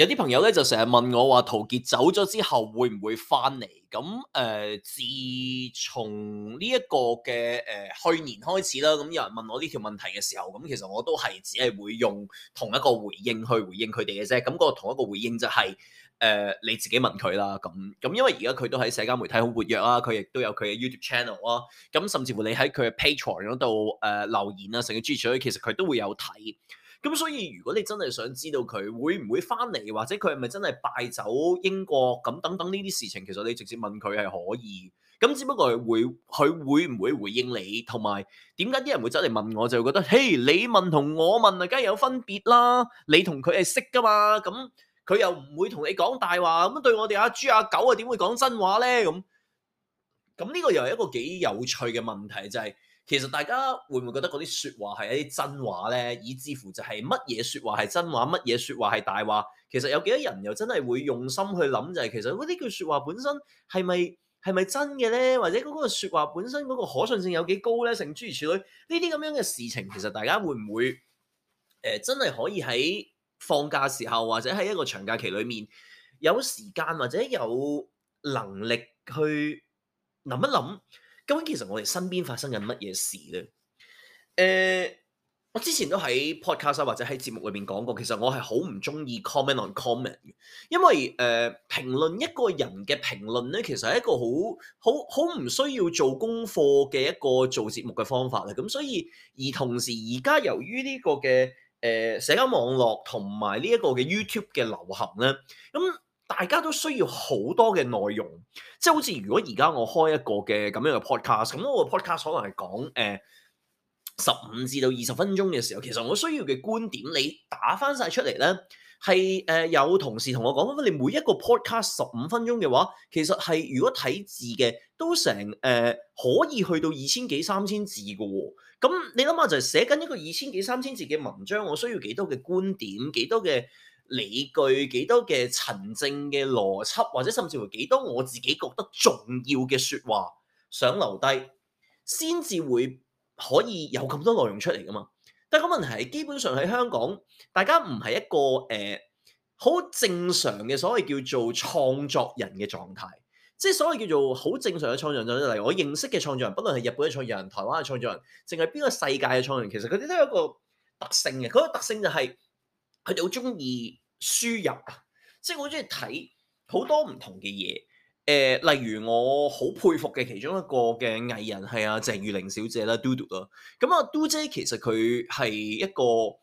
有啲朋友咧就成日問我話陶傑走咗之後會唔會翻嚟？咁誒、呃，自從呢一個嘅誒、呃、去年開始啦，咁有人問我呢條問題嘅時候，咁其實我都係只係會用同一個回應去回應佢哋嘅啫。咁、那個同一個回應就係、是、誒、呃、你自己問佢啦。咁咁因為而家佢都喺社交媒體好活躍啊，佢亦都有佢嘅 YouTube channel 啊。咁甚至乎你喺佢嘅 Patreon 度誒、呃、留言啊，成日注水，其實佢都會有睇。咁所以如果你真係想知道佢會唔會翻嚟，或者佢係咪真係敗走英國咁等等呢啲事情，其實你直接問佢係可以。咁只不過係會，佢會唔會回應你，同埋點解啲人會走嚟問我，就會覺得嘿，你問同我問啊，梗係有分別啦。你同佢係識噶嘛？咁佢又唔會同你講大話咁，對我哋阿豬阿狗啊，點會講真話咧？咁咁呢個又係一個幾有趣嘅問題，就係。其實大家會唔會覺得嗰啲説話係一啲真話咧？以至乎就係乜嘢説話係真話，乜嘢説話係大話？其實有幾多人又真係會用心去諗、就係，就係其實嗰啲句説話本身係咪係咪真嘅咧？或者嗰個説話本身嗰個可信性有幾高咧？成諸如此類呢啲咁樣嘅事情，其實大家會唔會誒、呃、真係可以喺放假時候，或者喺一個長假期裏面有時間或者有能力去諗一諗？究竟其實我哋身邊發生緊乜嘢事咧？誒、呃，我之前都喺 podcast 或者喺節目裏面講過。其實我係好唔中意 comment on comment 嘅，因為誒評論一個人嘅評論咧，其實係一個好好好唔需要做功課嘅一個做節目嘅方法啦。咁、嗯、所以而同時而家由於呢個嘅誒、呃、社交網絡同埋呢一個嘅 YouTube 嘅流行咧，咁、嗯。大家都需要好多嘅內容，即係好似如果而家我開一個嘅咁樣嘅 podcast，咁我個 podcast 可能係講誒十五至到二十分鐘嘅時候，其實我需要嘅觀點，你打翻晒出嚟咧，係、呃、誒有同事同我講，咁你每一個 podcast 十五分鐘嘅話，其實係如果睇字嘅都成誒、呃、可以去到二千幾三千字嘅喎、哦，咁、嗯、你諗下就係寫緊一個二千幾三千字嘅文章，我需要幾多嘅觀點，幾多嘅理據幾多嘅純正嘅邏輯，或者甚至乎幾多我自己覺得重要嘅説話想留低，先至會可以有咁多內容出嚟㗎嘛？但係個問題係，基本上喺香港，大家唔係一個誒好、欸、正常嘅所謂叫做創作人嘅狀態，即係所謂叫做好正常嘅創作人。例如我認識嘅創作人，不論係日本嘅創作人、台灣嘅創作人，淨係邊個世界嘅創作人，其實佢哋都有一個特性嘅。佢個特性就係佢哋好中意。輸入啊，即係我好中意睇好多唔同嘅嘢，誒、呃，例如我好佩服嘅其中一個嘅藝人係阿、啊、鄭裕玲小姐啦，嘟嘟啦，咁、嗯、啊，嘟姐其實佢係一個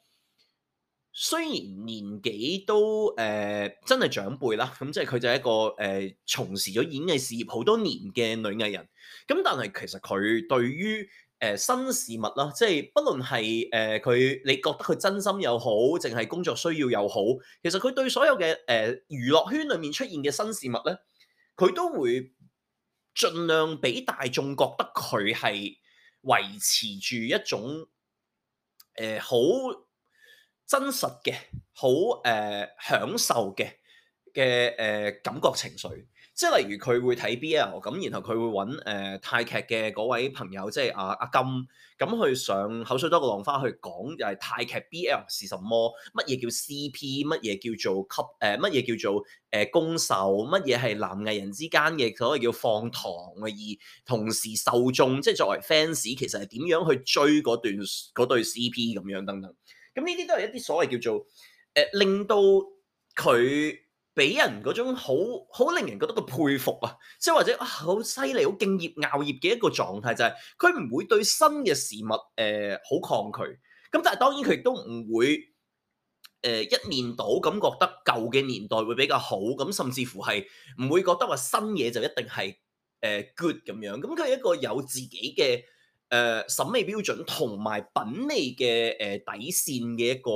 雖然年紀都誒、呃、真係長輩啦，咁、嗯、即係佢就係一個誒、呃、從事咗演藝事業好多年嘅女藝人，咁、嗯、但係其實佢對於。誒、呃、新事物啦，即係不論係誒佢，你覺得佢真心又好，淨係工作需要又好，其實佢對所有嘅誒娛樂圈裏面出現嘅新事物咧，佢都會盡量俾大眾覺得佢係維持住一種誒好、呃、真實嘅、好誒、呃、享受嘅嘅誒感覺情緒。即係例如佢會睇 BL 咁，然後佢會揾、呃、泰劇嘅嗰位朋友，即係阿阿金咁去上口水多過浪花去講誒泰劇 BL 係什麼，乜嘢叫 CP，乜嘢叫做吸誒，乜、呃、嘢叫做誒、呃呃、攻受，乜嘢係男藝人之間嘅所謂叫放糖嘅而同時受眾，即係作為 fans 其實係點樣去追嗰段嗰對 CP 咁樣等等。咁呢啲都係一啲所謂叫做誒、呃、令到佢。俾人嗰種好好令人覺得個佩服啊，即係或者好犀利、好、啊、敬業、熬業嘅一個狀態、就是，就係佢唔會對新嘅事物誒好、呃、抗拒。咁但係當然佢亦都唔會誒、呃、一面倒咁覺得舊嘅年代會比較好。咁甚至乎係唔會覺得話新嘢就一定係誒、呃、good 咁樣。咁佢係一個有自己嘅誒、呃、審美標準同埋品味嘅誒、呃、底線嘅一個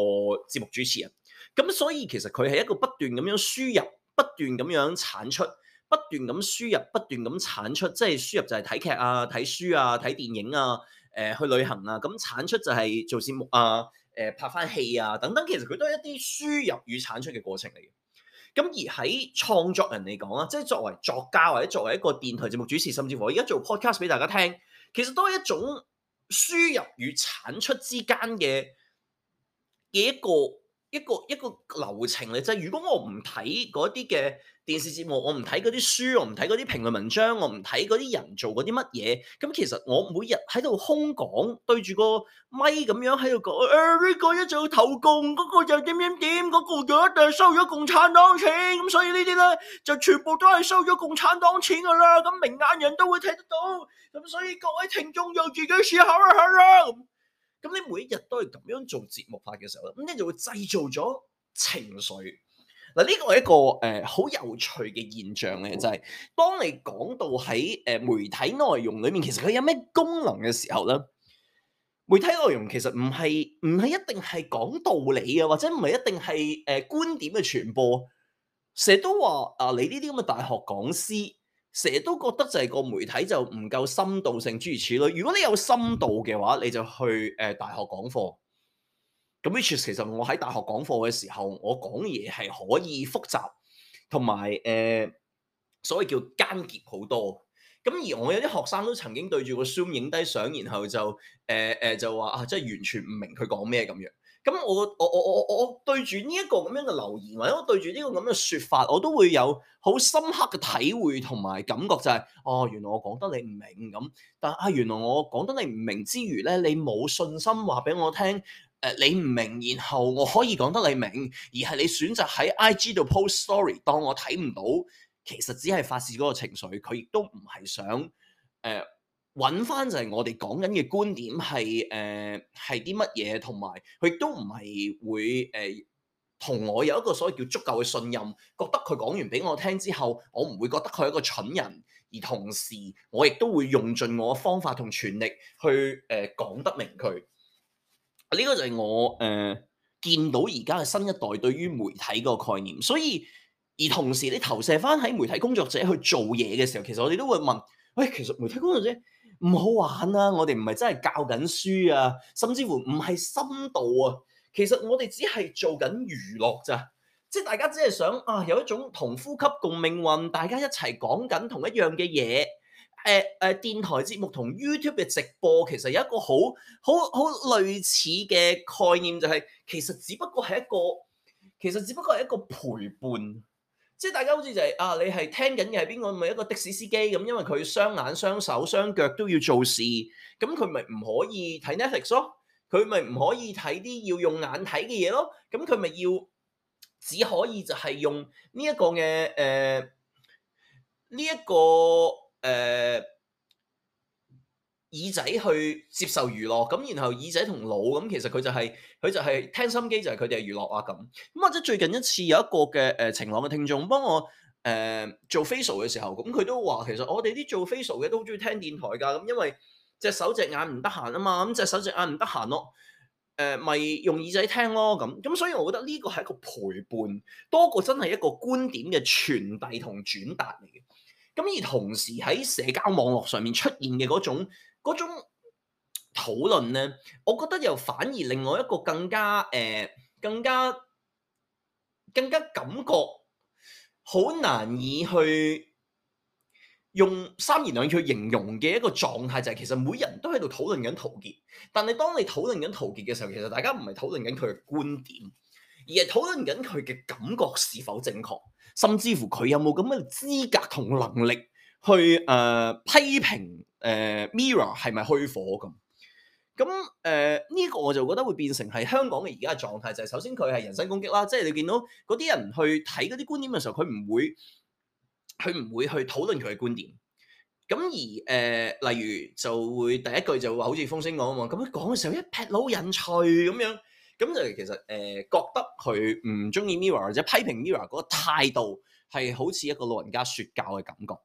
節目主持人。咁所以其實佢係一個不斷咁樣輸入、不斷咁樣產出、不斷咁輸入、不斷咁產出，即係輸入就係睇劇啊、睇書啊、睇電影啊、誒、呃、去旅行啊，咁、嗯、產出就係做節目啊、誒、呃、拍翻戲啊等等，其實佢都係一啲輸入與產出嘅過程嚟嘅。咁而喺創作人嚟講啊，即係作為作家或者作為一個電台節目主持，甚至乎我而家做 podcast 俾大家聽，其實都係一種輸入與產出之間嘅嘅一個。一個一個流程嚟啫。就係、如果我唔睇嗰啲嘅電視節目，我唔睇嗰啲書，我唔睇嗰啲評論文章，我唔睇嗰啲人做嗰啲乜嘢，咁其實我每日喺度空講，對住個咪咁樣喺度講，誒、哎、呢、這個一做投共，嗰、這個又點點點，嗰、這個又一定係收咗共產黨錢，咁所以呢啲咧就全部都係收咗共產黨錢噶啦。咁明眼人都會睇得到，咁所以各位聽眾又自己思考一下啦。咁你每一日都係咁樣做節目法嘅時候咧，咁你就會製造咗情緒。嗱，呢個係一個誒好、呃、有趣嘅現象嘅，就係、是、當你講到喺誒媒體內容裏面，其實佢有咩功能嘅時候咧，媒體內容其實唔係唔係一定係講道理啊，或者唔係一定係誒、呃、觀點嘅傳播。成日都話啊，你呢啲咁嘅大學講師。成日都覺得就係個媒體就唔夠深度性，諸如此類。如果你有深度嘅話，你就去誒、呃、大學講課。咁 which 其實我喺大學講課嘅時候，我講嘢係可以複雜，同埋誒，所謂叫艱深好多。咁而我有啲學生都曾經對住個 Zoom 影低相，然後就誒誒、呃呃、就話啊，即係完全唔明佢講咩咁樣。咁我我我我我對住呢一個咁樣嘅留言，或者我對住呢個咁嘅說法，我都會有好深刻嘅體會同埋感覺，就是，就係哦，原來我講得你唔明咁，但係、啊、原來我講得你唔明之餘咧，你冇信心話俾我聽，誒、呃、你唔明，然後我可以講得你明，而係你選擇喺 IG 度 post story，當我睇唔到，其實只係發泄嗰個情緒，佢亦都唔係想誒。呃搵翻就係我哋講緊嘅觀點係誒係啲乜嘢，同埋佢都唔係會誒、呃、同我有一個所謂叫足夠嘅信任，覺得佢講完俾我聽之後，我唔會覺得佢係一個蠢人，而同時我亦都會用盡我嘅方法同全力去誒、呃、講得明佢。呢、這個就係我誒、嗯、見到而家嘅新一代對於媒體個概念。所以而同時你投射翻喺媒體工作者去做嘢嘅時候，其實我哋都會問：喂、哎，其實媒體工作者？唔好玩啦、啊，我哋唔係真係教緊書啊，甚至乎唔係深度啊。其實我哋只係做緊娛樂咋，即係大家只係想啊有一種同呼吸共命運，大家一齊講緊同一樣嘅嘢。誒、呃、誒、呃，電台節目同 YouTube 嘅直播其實有一個好好好類似嘅概念，就係，就係其實只不過係一個其實只不過係一個陪伴。即係大家好似就係、是、啊，你係聽緊嘅係邊個？咪一個的士司機咁，因為佢雙眼雙手雙腳都要做事，咁佢咪唔可以睇 Netflix 咯？佢咪唔可以睇啲要用眼睇嘅嘢咯？咁佢咪要只可以就係用呢一個嘅誒呢一個誒。呃耳仔去接受娛樂咁，然後耳仔同腦咁，其實佢就係、是、佢就係聽心機，就係佢哋嘅娛樂啊咁。咁或者最近一次有一個嘅誒晴朗嘅聽眾幫我誒、呃、做 facial 嘅時候，咁佢都話其實我哋啲做 facial 嘅都好中意聽電台㗎，咁因為隻手隻眼唔得閒啊嘛，咁隻手隻眼唔得閒咯，誒、呃、咪用耳仔聽咯咁。咁所以我覺得呢個係一個陪伴多過真係一個觀點嘅傳遞同轉達嚟嘅。咁而同時喺社交網絡上面出現嘅嗰種。嗰種討論咧，我覺得又反而另外一個更加誒、呃，更加更加感覺好難以去用三言兩語去形容嘅一個狀態，就係、是、其實每人都喺度討論緊陶傑，但係當你討論緊陶傑嘅時候，其實大家唔係討論緊佢嘅觀點，而係討論緊佢嘅感覺是否正確，甚至乎佢有冇咁嘅資格同能力去誒、呃、批評。誒 Mirror 係咪虛火咁？咁誒呢個我就覺得會變成係香港嘅而家嘅狀態，就係、是、首先佢係人身攻擊啦，即係你見到嗰啲人去睇嗰啲觀點嘅時候，佢唔會佢唔會去討論佢嘅觀點。咁而誒，uh, 例如就會第一句就會好似風聲講啊嘛，咁樣講嘅時候一劈佬引趣咁樣，咁就其實誒、uh, 覺得佢唔中意 Mirror 或者批評 Mirror 嗰個態度係好似一個老人家說教嘅感覺。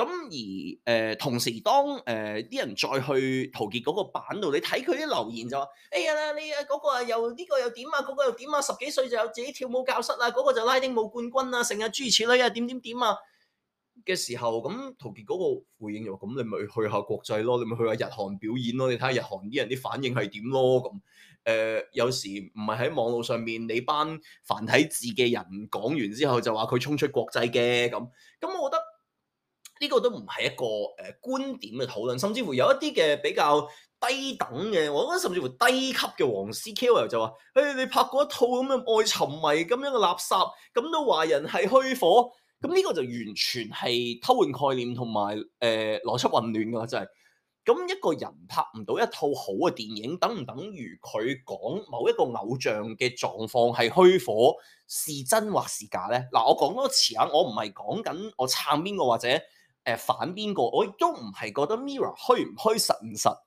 咁而誒、呃，同時當誒啲、呃、人再去陶傑嗰個版度，你睇佢啲留言就話：哎呀啦，你啊嗰個啊又呢個又點啊，嗰、這個又點啊、那個，十幾歲就有自己跳舞教室啊，嗰、那個就拉丁舞冠軍啊，成日諸如此類啊，點點點啊嘅時候，咁、嗯、陶傑嗰個回應就話：咁、嗯、你咪去下國際咯，你咪去下日韓表演咯，你睇下日韓啲人啲反應係點咯。咁、嗯、誒、嗯、有時唔係喺網路上面，你班繁體字嘅人講完之後就話佢衝出國際嘅咁，咁、嗯嗯、我覺得。呢個都唔係一個誒、呃、觀點嘅討論，甚至乎有一啲嘅比較低等嘅，我覺得甚至乎低級嘅黃絲 Q 又就話，佢、哎、哋拍過一套咁嘅《愛沉迷》咁樣嘅垃圾，咁都話人係虛火，咁、嗯、呢、這個就完全係偷換概念同埋誒邏輯混亂㗎，真、就、係、是。咁、嗯、一個人拍唔到一套好嘅電影，等唔等於佢講某一個偶像嘅狀況係虛火是真或是假咧？嗱，我講多一次啊，我唔係講緊我撐邊個或者。誒反邊個？我亦都唔係覺得 Mirror 虛唔虛、實唔實。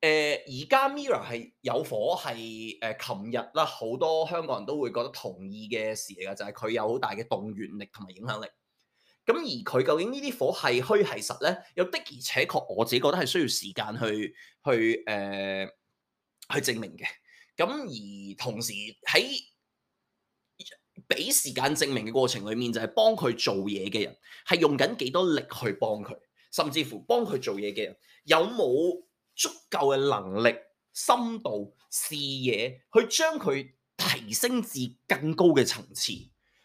誒而家 Mirror 係有火係，係誒琴日啦，好多香港人都會覺得同意嘅事嚟㗎，就係、是、佢有好大嘅動員力同埋影響力。咁而佢究竟係係呢啲火係虛係實咧？又的而且確，我自己覺得係需要時間去去誒、呃、去證明嘅。咁而同時喺。俾時間證明嘅過程裏面，就係幫佢做嘢嘅人，係用緊幾多力去幫佢，甚至乎幫佢做嘢嘅人有冇足夠嘅能力、深度、視野，去將佢提升至更高嘅層次。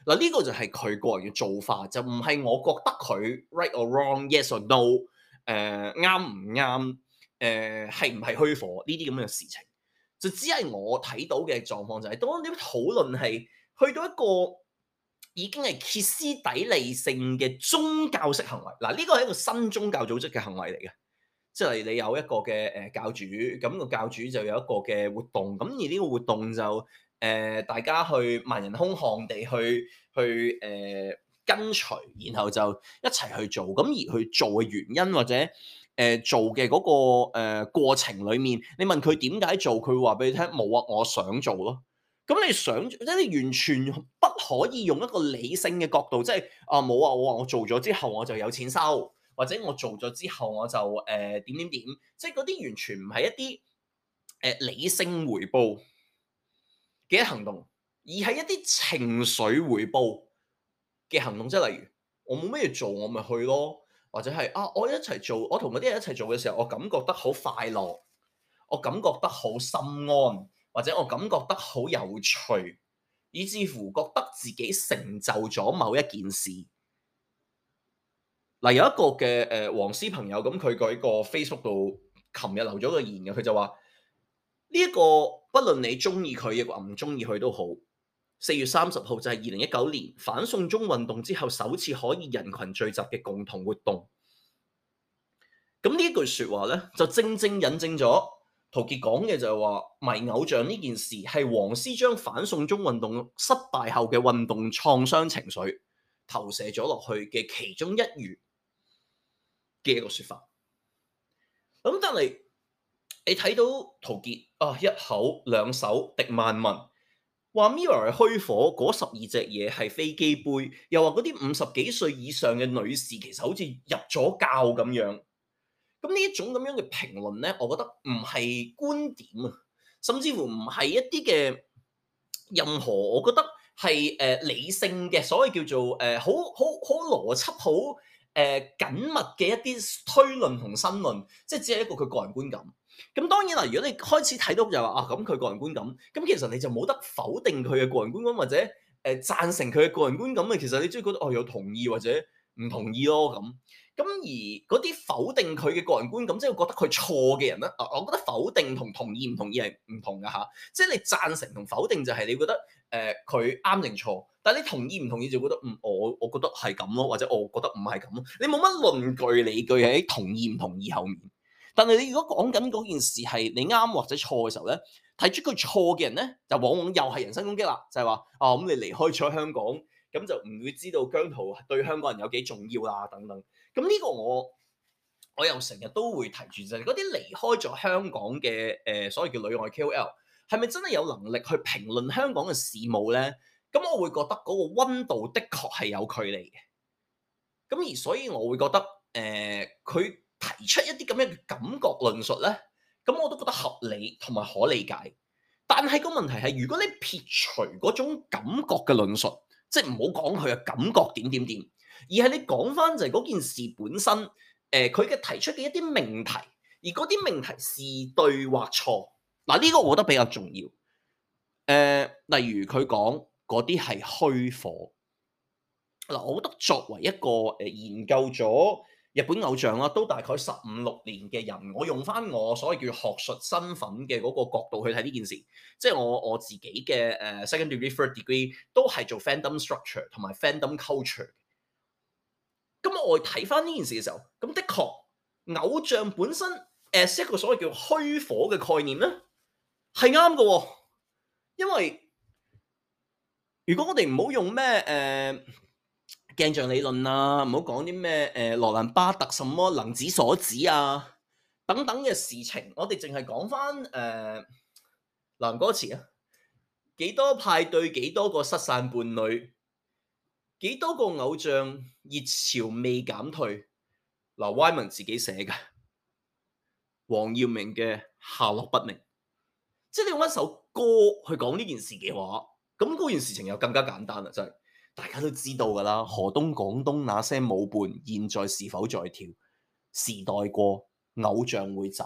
嗱，呢個就係佢個人嘅做法，就唔係我覺得佢 right or wrong，yes or no，誒啱唔啱，誒係唔係虛火呢啲咁嘅事情，就只係我睇到嘅狀況就係當你討論係，去到一個已經係歇斯底里性嘅宗教式行為，嗱呢、這個係一個新宗教組織嘅行為嚟嘅，即係你有一個嘅誒教主，咁、那個教主就有一個嘅活動，咁而呢個活動就誒、呃、大家去萬人空巷地去去誒、呃、跟隨，然後就一齊去做，咁而去做嘅原因或者誒做嘅嗰、那個誒、呃那個呃、過程裏面，你問佢點解做，佢會話俾你聽冇啊，我想做咯。咁你想即係你完全不可以用一個理性嘅角度，即係啊冇啊，我話我做咗之後我就有錢收，或者我做咗之後我就誒、呃、點點點，即係嗰啲完全唔係一啲誒、呃、理性回報嘅行動，而係一啲情緒回報嘅行動，即係例如我冇乜嘢做，我咪去咯，或者係啊我一齊做，我同嗰啲人一齊做嘅時候，我感覺得好快樂，我感覺得好心安。或者我感覺得好有趣，以至乎覺得自己成就咗某一件事。嗱、呃，有一個嘅誒黃絲朋友，咁佢喺個 Facebook 度，琴日留咗個言嘅，佢就話：呢、這、一個，不論你中意佢亦或唔中意佢都好，四月三十號就係二零一九年反送中運動之後首次可以人群聚集嘅共同活動。咁、嗯、呢句説話咧，就正正引證咗。陶傑講嘅就係話，迷偶像呢件事係黃師將反送中運動失敗後嘅運動創傷情緒投射咗落去嘅其中一環嘅一個説法。咁、嗯、但係你睇到陶傑啊，一口兩手敵萬民，話 Mirror 係虛火，嗰十二隻嘢係飛機杯，又話嗰啲五十幾歲以上嘅女士其實好似入咗教咁樣。咁呢一種咁樣嘅評論咧，我覺得唔係觀點啊，甚至乎唔係一啲嘅任何，我覺得係誒、呃、理性嘅，所謂叫做誒好好好邏輯好誒、呃、緊密嘅一啲推論同申論，即係只係一個佢個人觀感。咁當然啦，如果你開始睇到就話啊，咁、啊、佢個人觀感，咁、啊、其實你就冇得否定佢嘅個人觀感，或者誒、啊、贊成佢嘅個人觀感啊。其實你鍾意覺得哦、啊，有同意或者唔同意咯咁。啊。咁而嗰啲否定佢嘅個人觀感，即係覺得佢錯嘅人咧，啊，我覺得否定同同意唔同意係唔同嘅吓，即係你贊成同否定就係你覺得誒佢啱定錯，但係你同意唔同意就覺得嗯，我我覺得係咁咯，或者我覺得唔係咁咯，你冇乜論據理據喺同意唔同意後面。但係你如果講緊嗰件事係你啱或者錯嘅時候咧，睇出佢錯嘅人咧，就往往又係人身攻擊啦，就係、是、話哦咁你離開咗香港，咁就唔會知道姜濤對香港人有幾重要啊等等。咁呢個我我又成日都會提住，就係嗰啲離開咗香港嘅誒、呃，所謂叫旅外 KOL，係咪真係有能力去評論香港嘅事務咧？咁我會覺得嗰個温度的確係有距離嘅。咁而所以，我會覺得誒，佢、呃、提出一啲咁樣嘅感覺論述咧，咁我都覺得合理同埋可理解。但係個問題係，如果你撇除嗰種感覺嘅論述，即係唔好講佢嘅感覺點點點。而係你講翻就係嗰件事本身，誒佢嘅提出嘅一啲命題，而嗰啲命題是對或錯，嗱、這、呢個我覺得比較重要。誒、呃，例如佢講嗰啲係虛火，嗱、呃、我覺得作為一個誒、呃、研究咗日本偶像啦，都大概十五六年嘅人，我用翻我所謂叫學術身份嘅嗰個角度去睇呢件事，即係我我自己嘅誒、呃、secondary degree 都係做 fandom structure 同埋 fandom culture。咁我哋睇翻呢件事嘅時候，咁的確偶像本身誒係一個所謂叫虛火嘅概念咧，係啱嘅。因為如果我哋唔好用咩誒、呃、鏡像理論啊，唔好講啲咩誒羅蘭巴特什麼能指所指啊等等嘅事情，我哋淨係講翻誒 lyrics 啊，幾多派對，幾多個失散伴侶。幾多個偶像熱潮未減退，嗱，Wyman 自己寫嘅黃耀明嘅下落不明，即係你用一首歌去講呢件事嘅話，咁嗰件事情又更加簡單啦，真係大家都知道㗎啦。河東廣東那些舞伴現在是否在跳？時代過，偶像會走。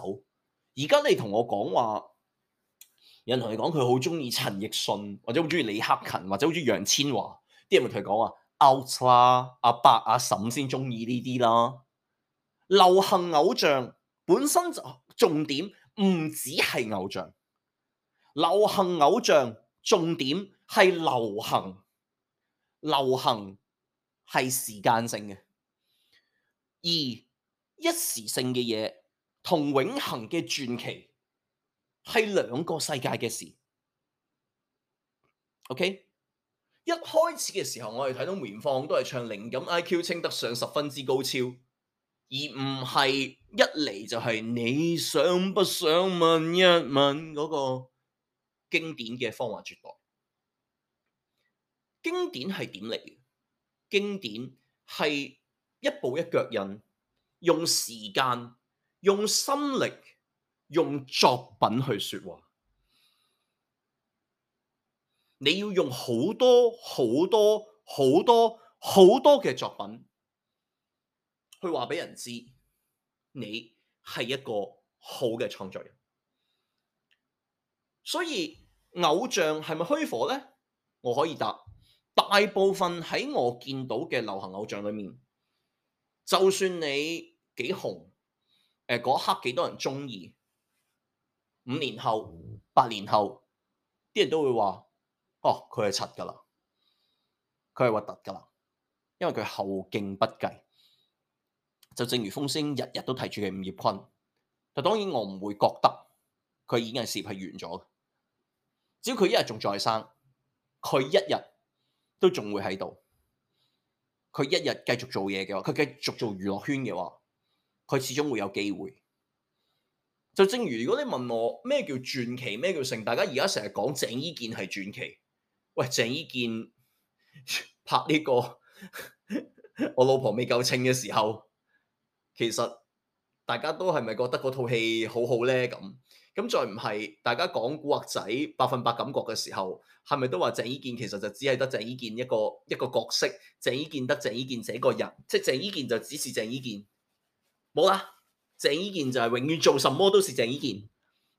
而家你同我講話，有人同你講佢好中意陳奕迅，或者好中意李克勤，或者好中意楊千嬅，啲人咪同你講話。out 啦，阿、啊、伯阿嬸先中意呢啲啦。流行偶像本身就重點唔只係偶像，流行偶像重點係流行，流行係時間性嘅，而一時性嘅嘢，同永恒嘅傳奇係兩個世界嘅事。OK。一開始嘅時候，我哋睇到梅艷芳都係唱靈感，IQ 稱得上十分之高超，而唔係一嚟就係你想不想問一問嗰個經典嘅《芳華絕代》？經典係點嚟嘅？經典係一步一腳印，用時間、用心力、用作品去説話。你要用好多好多好多好多嘅作品去話俾人知，你係一個好嘅創作人。所以偶像係咪虛火呢？我可以答，大部分喺我見到嘅流行偶像裏面，就算你幾紅，嗰刻幾多人中意，五年後、八年後，啲人都會話。哦，佢係柒噶啦，佢係核突噶啦，因為佢後勁不繼，就正如風聲日日都睇住嘅吳業坤，但當然我唔會覺得佢已經事業係完咗，只要佢一日仲在生，佢一日都仲會喺度，佢一日繼續做嘢，嘅話，佢繼續做娛樂圈嘅話，佢始終會有機會。就正如如果你問我咩叫傳奇，咩叫盛，大家而家成日講鄭伊健係傳奇。喂，鄭伊健拍呢、這個 我老婆未夠稱嘅時候，其實大家都係咪覺得嗰套戲好好咧？咁咁再唔係，大家講古惑仔百分百感覺嘅時候，係咪都話鄭伊健其實就只係得鄭伊健一個一個角色，鄭伊健得鄭伊健這個人，即係鄭伊健就只是鄭伊健，冇啦，鄭伊健就係永遠做什麼都是鄭伊健。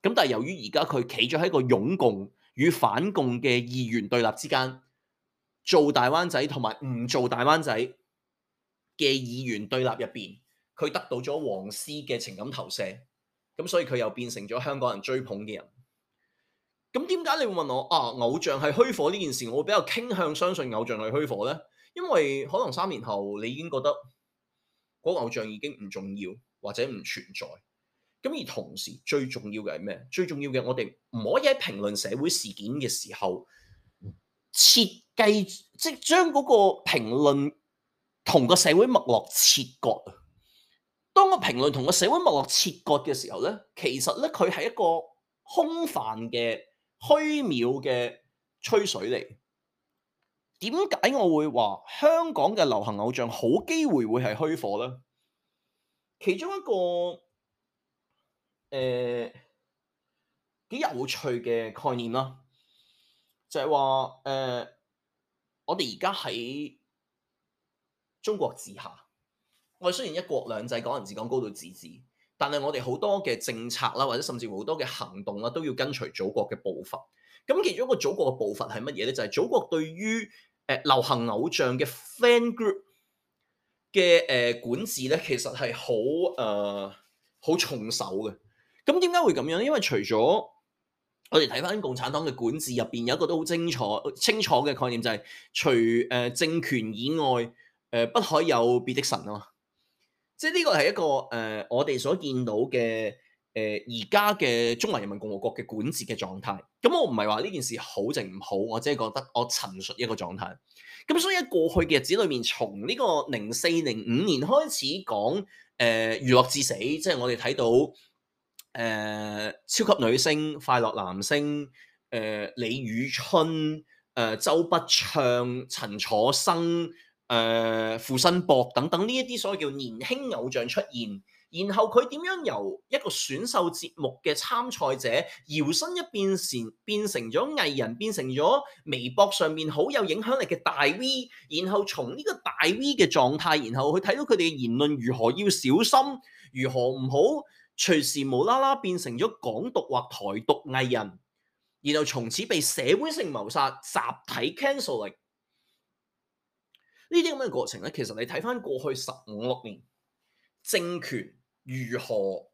咁但係由於而家佢企咗喺個擁共。與反共嘅議員對立之間，做大灣仔同埋唔做大灣仔嘅議員對立入邊，佢得到咗黃絲嘅情感投射，咁所以佢又變成咗香港人追捧嘅人。咁點解你會問我啊？偶像係虛火呢件事，我會比較傾向相信偶像係虛火呢？因為可能三年後你已經覺得嗰個偶像已經唔重要或者唔存在。咁而同時，最重要嘅係咩？最重要嘅，我哋唔可以喺評論社會事件嘅時候設計，即係將嗰個評論同個社會脈絡切割。當個評論同個社會脈絡切割嘅時候咧，其實咧佢係一個空泛嘅、虛渺嘅吹水嚟。點解我會話香港嘅流行偶像好機會會係虛火咧？其中一個。誒、幾、嗯、有趣嘅概念啦，就係話誒，我哋而家喺中國治下，我哋雖然一國兩制，港人治港高度自治，但係我哋好多嘅政策啦，或者甚至乎好多嘅行動啦，都要跟隨祖國嘅步伐。咁、嗯、其中一個祖國嘅步伐係乜嘢咧？就係、是、祖國對於誒、呃、流行偶像嘅 fan group 嘅誒、呃、管治咧，其實係好誒好重手嘅。呃咁點解會咁樣？因為除咗我哋睇返共產黨嘅管治入邊，有一個都好清楚、清，清楚嘅概念、就是，就係除誒、呃、政權以外，誒、呃、不可以有別的神啊嘛！即係呢個係一個誒、呃、我哋所見到嘅誒而家嘅中華人民共和國嘅管治嘅狀態。咁、嗯、我唔係話呢件事好定唔好，我只係覺得我陳述一個狀態。咁、嗯、所以喺過去嘅日子裏面，從呢個零四零五年開始講誒、呃、娛樂至死，即、就、係、是、我哋睇到。誒、呃，超級女聲、快樂男聲、誒、呃，李宇春，誒、呃，周筆暢、陳楚生，誒、呃，付辛博等等呢一啲所謂叫年輕偶像出現，然後佢點樣由一個選秀節目嘅參賽者搖身一變成變成咗藝人，變成咗微博上面好有影響力嘅大 V，然後從呢個大 V 嘅狀態，然後去睇到佢哋嘅言論如何要小心，如何唔好。隨時無啦啦變成咗港獨或台獨藝人，然後從此被社會性謀殺、集體 c a n c e l l 呢啲咁嘅過程咧，其實你睇翻過去十五六年政權如何誒、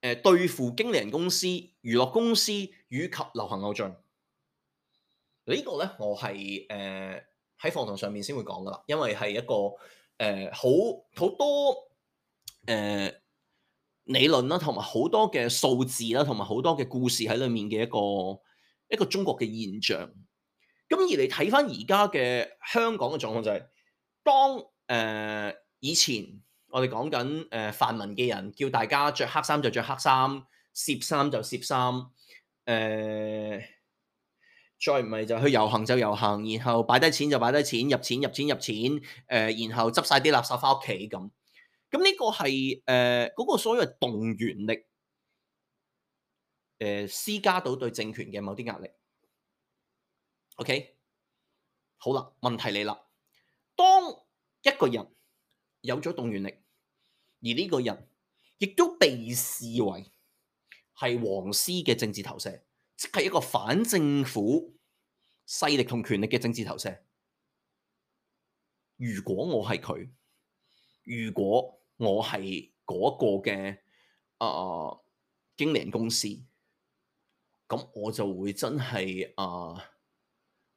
呃、對付經理人公司、娛樂公司以及流行偶像，這個、呢個咧我係誒喺課堂上面先會講噶啦，因為係一個誒、呃、好好多誒。呃理論啦，同埋好多嘅數字啦，同埋好多嘅故事喺裡面嘅一個一個中國嘅現象。咁而你睇翻而家嘅香港嘅狀況就係、是，當誒、呃、以前我哋講緊誒泛民嘅人叫大家着黑衫就着黑衫，攝衫就攝衫，誒、呃、再唔係就去遊行就遊行，然後擺低錢就擺低錢，入錢入錢入錢，誒、呃、然後執晒啲垃圾翻屋企咁。咁呢個係誒嗰個所謂動員力，誒施加到對政權嘅某啲壓力。OK，好啦，問題嚟啦。當一個人有咗動員力，而呢個人亦都被視為係黃絲嘅政治投射，即係一個反政府勢力同權力嘅政治投射。如果我係佢，如果我係嗰個嘅啊經理人公司，咁我就會真係啊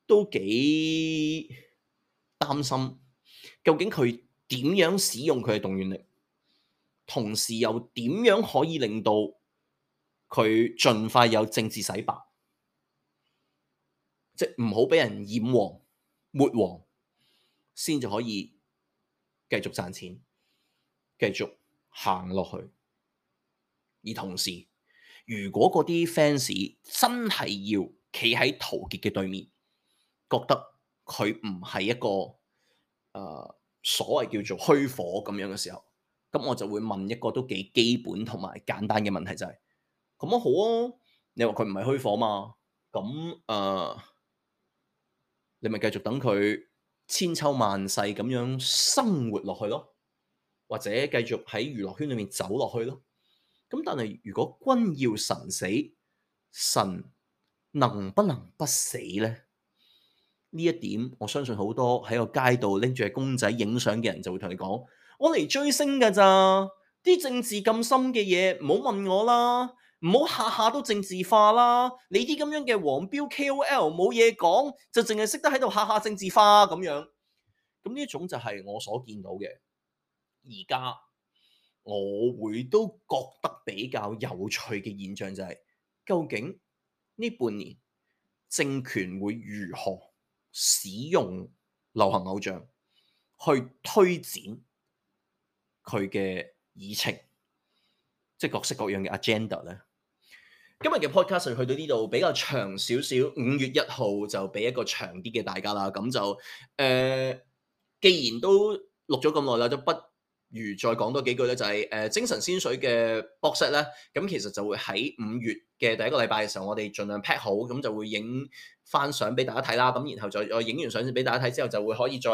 都幾擔心，究竟佢點樣使用佢嘅動員力，同時又點樣可以令到佢盡快有政治洗白，即唔好畀人染黃、抹黃，先至可以繼續賺錢。繼續行落去，而同時，如果嗰啲 fans 真係要企喺陶傑嘅對面，覺得佢唔係一個誒、呃、所謂叫做虛火咁樣嘅時候，咁我就會問一個都幾基本同埋簡單嘅問題，就係，就係咁啊好啊，你話佢唔係虛火嘛？咁誒、呃，你咪繼續等佢千秋萬世咁樣生活落去咯。或者繼續喺娛樂圈裏面走落去咯。咁但係如果君要臣死，臣能不能不死呢？呢一點我相信好多喺個街道拎住公仔影相嘅人就會同你講： 我嚟追星㗎咋！啲政治咁深嘅嘢唔好問我啦，唔好下下都政治化啦。你啲咁樣嘅黃標 KOL 冇嘢講，就淨係識得喺度下下政治化咁樣。咁呢種就係我所見到嘅。而家我會都覺得比較有趣嘅現象就係，究竟呢半年政權會如何使用流行偶像去推展佢嘅議程，即係各式各樣嘅 agenda 咧。今日嘅 podcast 去到呢度比較長少少，五月一號就俾一個長啲嘅大家啦。咁就誒、呃，既然都錄咗咁耐啦，就不。如再講多幾句咧，就係、是、誒精神先水嘅博士咧，咁其實就會喺五月嘅第一個禮拜嘅時候，我哋盡量 pack 好，咁就會影翻相俾大家睇啦。咁然後再再影完相先俾大家睇之後，就會可以再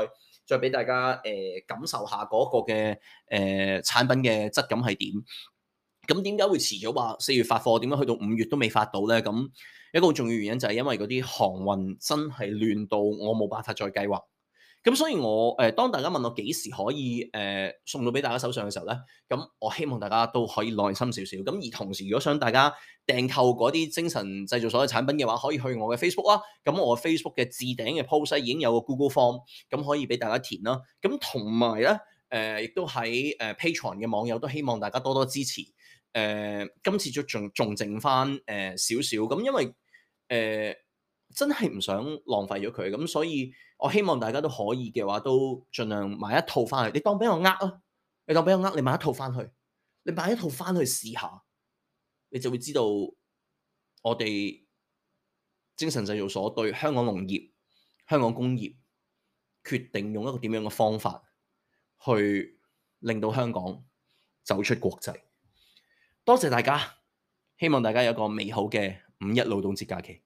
再俾大家誒、呃、感受下嗰個嘅誒、呃、產品嘅質感係點。咁點解會遲咗話四月發貨？點解去到五月都未發到咧？咁一個好重要原因就係因為嗰啲航運真係亂到，我冇辦法再計劃。咁所以我誒、呃、當大家問我幾時可以誒、呃、送到俾大家手上嘅時候咧，咁我希望大家都可以耐心少少。咁而同時，如果想大家訂購嗰啲精神製造所有產品嘅話，可以去我嘅 Facebook 啦、啊。咁我 Facebook 嘅置頂嘅 post、啊、已經有個 Google Form，咁可以俾大家填啦、啊。咁同埋咧，誒、呃、亦都喺誒 Patreon 嘅網友都希望大家多多支持。誒、呃、今次就仲仲仲剩翻誒、呃、少少咁，因為誒、呃真係唔想浪費咗佢，咁所以我希望大家都可以嘅話，都盡量買一套翻去。你當俾我呃啊，你當俾我呃，你買一套翻去，你買一套翻去試下，你就會知道我哋精神製造所對香港農業、香港工業決定用一個點樣嘅方法去令到香港走出國際。多謝大家，希望大家有個美好嘅五一勞動節假期。